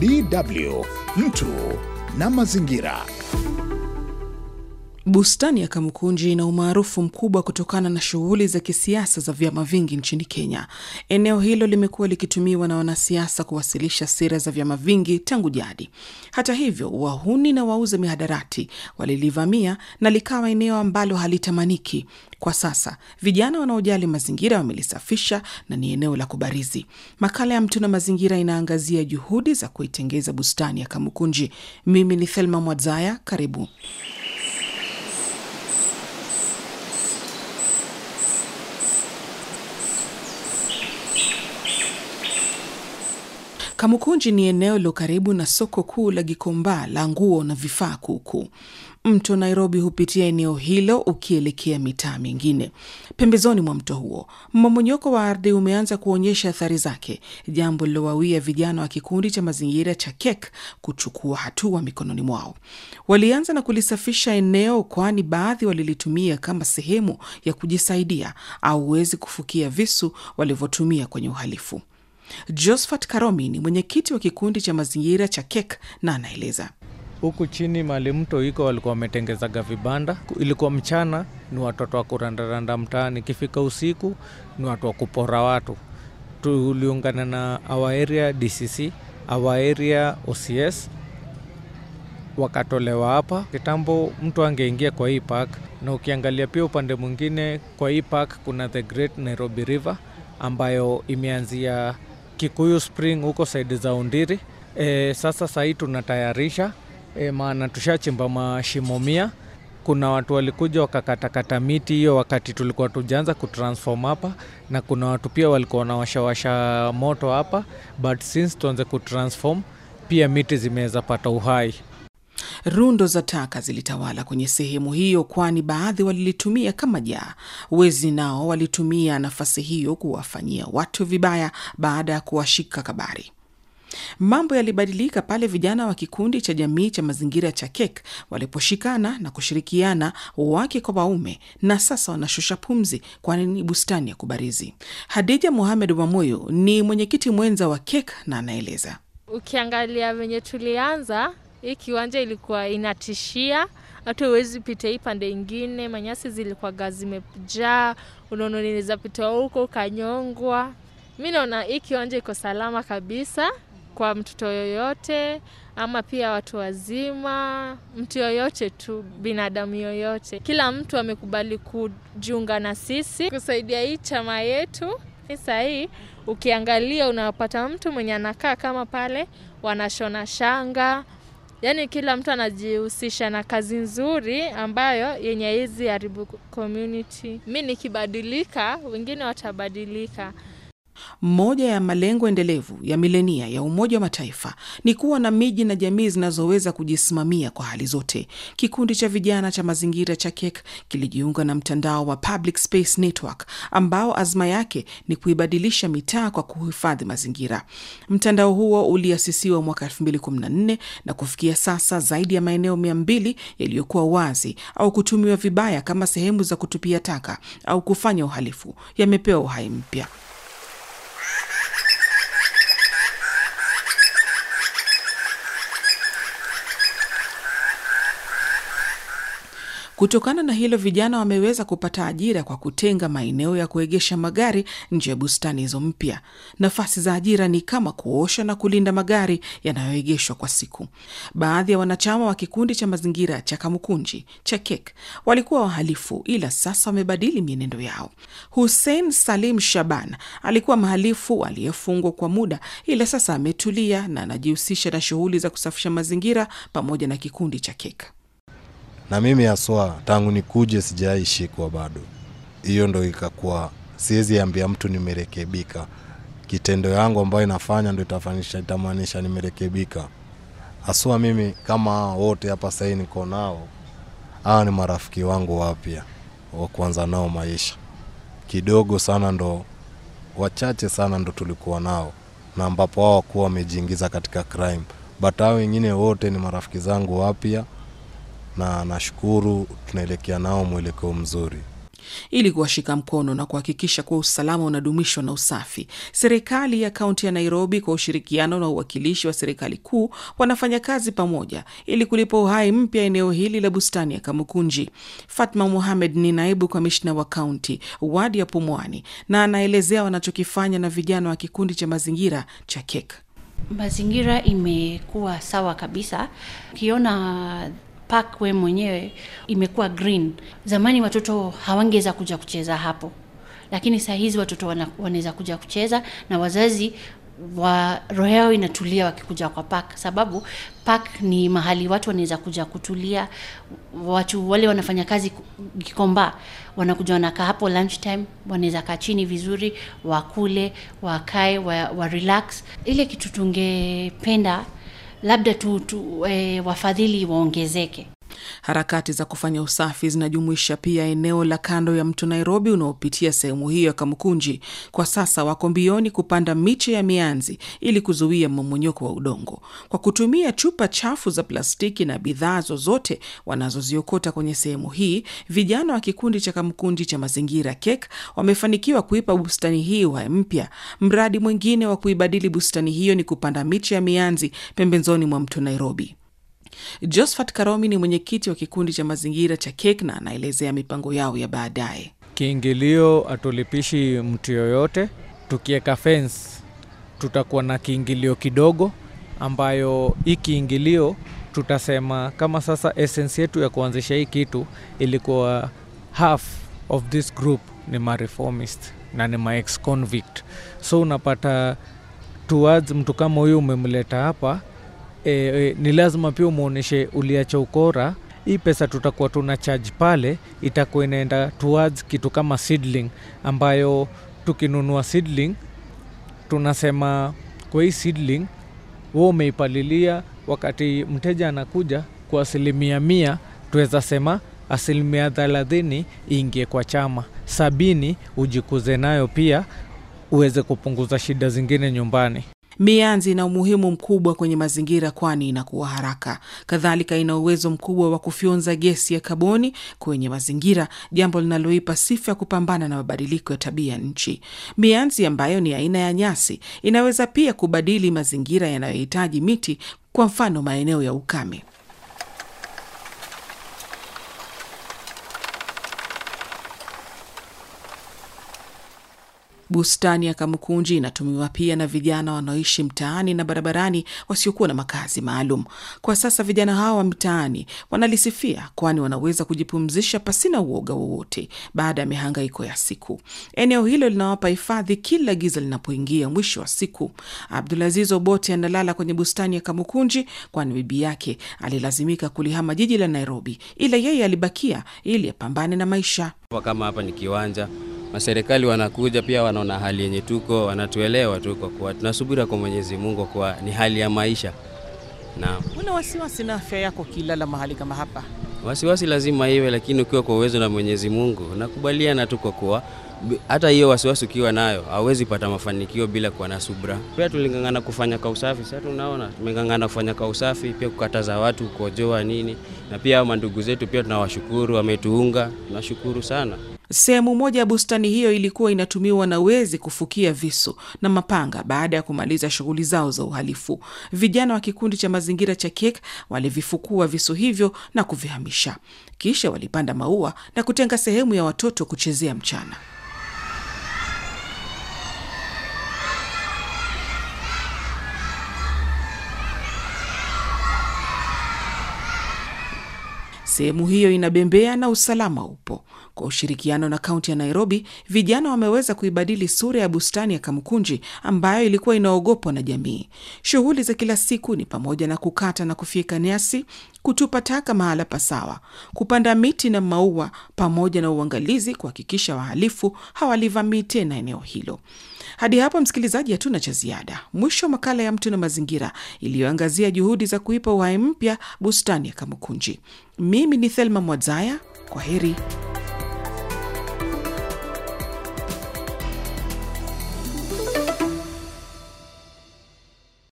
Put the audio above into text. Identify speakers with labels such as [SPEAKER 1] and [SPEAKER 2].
[SPEAKER 1] DW, mtu na mazingira. Bustani ya Kamukunji ina umaarufu mkubwa kutokana na shughuli za kisiasa za vyama vingi nchini Kenya. Eneo hilo limekuwa likitumiwa na wanasiasa kuwasilisha sera za vyama vingi tangu jadi. Hata hivyo, wahuni na wauza mihadarati walilivamia na likawa eneo ambalo halitamaniki. Kwa sasa vijana wanaojali mazingira wamelisafisha na ni eneo la kubarizi. Makala ya Mtu na Mazingira inaangazia juhudi za kuitengeza bustani ya Kamukunji. Mimi ni Thelma Mwadzaya, karibu. Kamukunji ni eneo lilo karibu na soko kuu la Gikomba la nguo na vifaa kuukuu. Mto Nairobi hupitia eneo hilo ukielekea mitaa mingine. Pembezoni mwa mto huo, mmomonyoko wa ardhi umeanza kuonyesha athari zake, jambo lilowawia vijana wa kikundi cha mazingira cha kek kuchukua hatua mikononi mwao. Walianza na kulisafisha eneo, kwani baadhi walilitumia kama sehemu ya kujisaidia au uwezi kufukia visu walivyotumia kwenye uhalifu josphat Karomi ni mwenyekiti wa kikundi cha mazingira cha KEK na
[SPEAKER 2] anaeleza huku chini mali mto iko walikuwa wametengezaga vibanda. Ilikuwa mchana ni watoto wa kurandaranda mtaani, ikifika usiku ni watu wa kupora watu. Tuliungana na our DCC, our OCS wakatolewa hapa. Kitambo mtu angeingia kwa hii park, na ukiangalia pia upande mwingine kwa hii park kuna the Great Nairobi River ambayo imeanzia Kikuyu Spring huko saidi za Undiri. E, sasa sahii tunatayarisha e, maana tushachimba mashimo mia. Kuna watu walikuja wakakatakata miti hiyo wakati tulikuwa tujaanza kutransform hapa, na kuna watu pia walikuwa wanawashawasha moto hapa, but since tuanze kutransform pia miti zimeweza pata uhai.
[SPEAKER 1] Rundo za taka zilitawala kwenye sehemu hiyo, kwani baadhi walilitumia kama jaa. Wezi nao walitumia nafasi hiyo kuwafanyia watu vibaya baada ya kuwashika kabari. Mambo yalibadilika pale vijana wa kikundi cha jamii cha mazingira cha kek waliposhikana na kushirikiana wake kwa waume, na sasa wanashusha pumzi, kwani ni bustani ya kubarizi. Hadija muhamed wamuyu ni mwenyekiti mwenza wa kek na anaeleza. Ukiangalia venye tulianza hii kiwanja ilikuwa inatishia, hatu wezi pita hii pande ingine, manyasi zilikuwa zimejaa, unaona pita huko ukanyongwa. Mi naona hii kiwanja iko salama kabisa kwa mtoto yoyote, ama pia watu wazima, mtu yoyote tu, binadamu yoyote. Kila mtu amekubali kujiunga na sisi kusaidia hii chama yetu. ni sahii ukiangalia, unapata mtu mwenye anakaa kama pale, wanashona shanga Yaani kila mtu anajihusisha na kazi nzuri ambayo yenye hizi haribu community. Mi nikibadilika, wengine watabadilika. Moja ya malengo endelevu ya milenia ya Umoja wa Mataifa ni kuwa na miji na jamii zinazoweza kujisimamia kwa hali zote. Kikundi cha vijana cha mazingira cha kek e kilijiunga na mtandao wa Public Space Network ambao azma yake ni kuibadilisha mitaa kwa kuhifadhi mazingira. Mtandao huo uliasisiwa mwaka 2014 na kufikia sasa zaidi ya maeneo 200 yaliyokuwa wazi au kutumiwa vibaya kama sehemu za kutupia taka au kufanya uhalifu yamepewa uhai mpya. Kutokana na hilo, vijana wameweza kupata ajira kwa kutenga maeneo ya kuegesha magari nje ya bustani hizo mpya. Nafasi za ajira ni kama kuosha na kulinda magari yanayoegeshwa kwa siku. Baadhi ya wanachama wa kikundi cha mazingira cha Kamukunji cha KEK walikuwa wahalifu, ila sasa wamebadili mienendo yao. Hussein Salim Shaban alikuwa mhalifu aliyefungwa kwa muda, ila sasa ametulia na anajihusisha na shughuli za kusafisha mazingira pamoja na kikundi cha KEK na mimi haswa, tangu nikuje sijaishikwa bado. Hiyo ndo ikakuwa, siwezi ambia mtu nimerekebika. Kitendo yangu ambayo inafanya ndo itafanisha itamaanisha nimerekebika haswa. Mimi kama wote hapa sahii niko nao, hawa ni marafiki wangu wapya wa kuanza nao maisha. Kidogo sana ndo wachache sana ndo tulikuwa nao na ambapo hao wakuwa wamejiingiza katika crime, but hao wengine wote ni marafiki zangu wapya na nashukuru tunaelekea nao mwelekeo mzuri. Ili kuwashika mkono na kuhakikisha kuwa usalama unadumishwa na usafi, serikali ya kaunti ya Nairobi kwa ushirikiano na uwakilishi wa serikali kuu wanafanya kazi pamoja ili kulipa uhai mpya eneo hili la bustani ya Kamukunji. Fatma Muhamed ni naibu kamishna wa kaunti wadi ya Pumwani, na anaelezea wanachokifanya na vijana wa kikundi cha mazingira cha KEK. Mazingira imekuwa sawa kabisa, ukiona park we mwenyewe imekuwa green. Zamani watoto hawangeweza kuja kucheza hapo, lakini saa hizi watoto wanaweza kuja kucheza na wazazi wa roho yao inatulia wakikuja kwa park, sababu park ni mahali watu wanaweza kuja kutulia. Watu wale wanafanya kazi Gikomba wanakuja wanakaa hapo lunch time, wanaweza kaa chini vizuri, wakule, wakae, wa, wa relax. Ile kitu tungependa labda tu, tu e, wafadhili waongezeke. Harakati za kufanya usafi zinajumuisha pia eneo la kando ya mto Nairobi unaopitia sehemu hiyo ya kamkunji Kwa sasa wako mbioni kupanda miche ya mianzi ili kuzuia mmomonyoko wa udongo kwa kutumia chupa chafu za plastiki na bidhaa zozote wanazoziokota kwenye sehemu hii. Vijana wa kikundi cha kamkunji cha mazingira kek wamefanikiwa kuipa bustani hii uhai mpya. Mradi mwingine wa kuibadili bustani hiyo ni kupanda miche ya mianzi pembezoni mwa mto Nairobi josphat Karomi ni mwenyekiti wa kikundi cha mazingira cha kekna anaelezea mipango
[SPEAKER 2] yao ya baadaye. Kiingilio hatulipishi mtu yoyote, tukieka fence tutakuwa na kiingilio kidogo, ambayo hii kiingilio tutasema kama sasa essence yetu ya kuanzisha hii kitu ilikuwa half of this group ni mareformist na ni maex convict, so unapata towards mtu kama huyu umemleta hapa e, e, ni lazima pia umwonyeshe uliacha ukora hii pesa tutakuwa tuna charge pale itakuwa inaenda towards kitu kama seedling ambayo tukinunua seedling tunasema kwa hii seedling wewe umeipalilia wakati mteja anakuja kwa asilimia mia tuweza sema asilimia thelathini iingie kwa chama sabini ujikuze nayo pia uweze kupunguza shida zingine nyumbani
[SPEAKER 1] Mianzi ina umuhimu mkubwa kwenye mazingira, kwani inakuwa haraka. Kadhalika, ina uwezo mkubwa wa kufyonza gesi ya kaboni kwenye mazingira, jambo linaloipa sifa ya kupambana na mabadiliko ya tabia nchi. Mianzi ambayo ni aina ya nyasi inaweza pia kubadili mazingira yanayohitaji miti, kwa mfano maeneo ya ukame. Bustani ya Kamukunji inatumiwa pia na vijana wanaoishi mtaani na barabarani wasiokuwa na makazi maalum. Kwa sasa vijana hawa wa mtaani wanalisifia, kwani wanaweza kujipumzisha pasina uoga wowote baada ya mihangaiko ya siku. Eneo hilo linawapa hifadhi kila giza linapoingia mwisho wa siku. Abdulaziz Obote analala kwenye bustani ya Kamukunji kwani bibi yake alilazimika kulihama jiji la Nairobi, ila yeye alibakia ili apambane na maisha. Kama hapa ni kiwanja na serikali wanakuja pia, wanaona hali yenye tuko, wanatuelewa tu, kwa kuwa tunasubira kwa Mwenyezi Mungu, kwa ni hali ya maisha. Na una wasiwasi na afya yako kilala mahali kama hapa? Wasiwasi lazima iwe, lakini ukiwa kwa uwezo na Mwenyezi Mungu, nakubaliana tu kwa kuwa hata hiyo wasiwasi ukiwa nayo hauwezi pata mafanikio bila
[SPEAKER 2] kuwa na subra.
[SPEAKER 1] Pia tulingangana kufanya kwa usafi, sasa tunaona tumengangana kufanya kwa usafi, pia kukataza watu kukojoa nini, na pia hao mandugu zetu pia tunawashukuru, wametuunga, tunashukuru sana. Sehemu moja ya bustani hiyo ilikuwa inatumiwa na wezi kufukia visu na mapanga baada ya kumaliza shughuli zao za uhalifu. Vijana wa kikundi cha mazingira cha kek walivifukua visu hivyo na kuvihamisha, kisha walipanda maua na kutenga sehemu ya watoto kuchezea mchana. Sehemu hiyo inabembea na usalama upo. Kwa ushirikiano na kaunti ya Nairobi, vijana wameweza kuibadili sura ya bustani ya kamkunji ambayo ilikuwa inaogopwa na jamii. Shughuli za kila siku ni pamoja na kukata na kufyeka nyasi, kutupa taka mahala pasawa, kupanda miti na maua, pamoja na uangalizi kuhakikisha wahalifu hawalivamii tena eneo hilo. Hadi hapo msikilizaji, hatuna cha ziada. Mwisho makala ya Mtu na Mazingira iliyoangazia juhudi za kuipa uhai mpya bustani ya Kamukunji. Mimi ni Thelma Mwadzaya, kwa heri.